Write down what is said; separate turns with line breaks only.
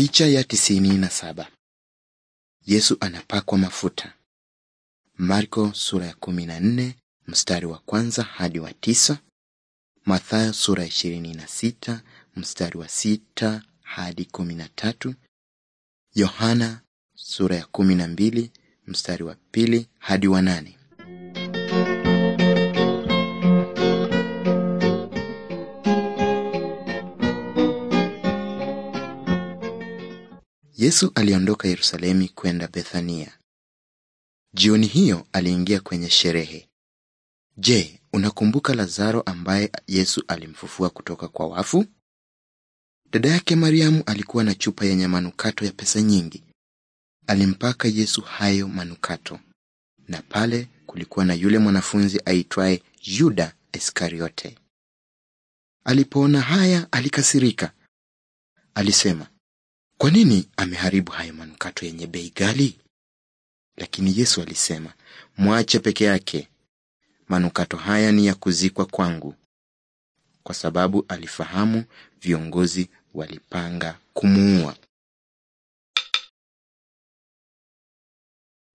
Picha ya tisini na saba. Yesu anapakwa mafuta. Marko sura ya kumi na nne mstari wa kwanza hadi wa tisa. Mathayo sura ya ishirini na sita mstari wa sita hadi kumi na tatu. Yohana sura ya kumi na mbili mstari wa pili hadi wa nane. Yesu aliondoka Yerusalemu kwenda Bethania. Jioni hiyo aliingia kwenye sherehe. Je, unakumbuka Lazaro ambaye Yesu alimfufua kutoka kwa wafu? Dada yake Mariamu alikuwa na chupa yenye manukato ya pesa nyingi. Alimpaka Yesu hayo manukato. Na pale kulikuwa na yule mwanafunzi aitwaye Yuda Iskariote. Alipoona haya alikasirika. Alisema, kwa nini ameharibu hayo manukato yenye bei gali Lakini Yesu alisema, mwache peke yake, manukato haya ni ya kuzikwa kwangu,
kwa sababu alifahamu viongozi walipanga kumuua.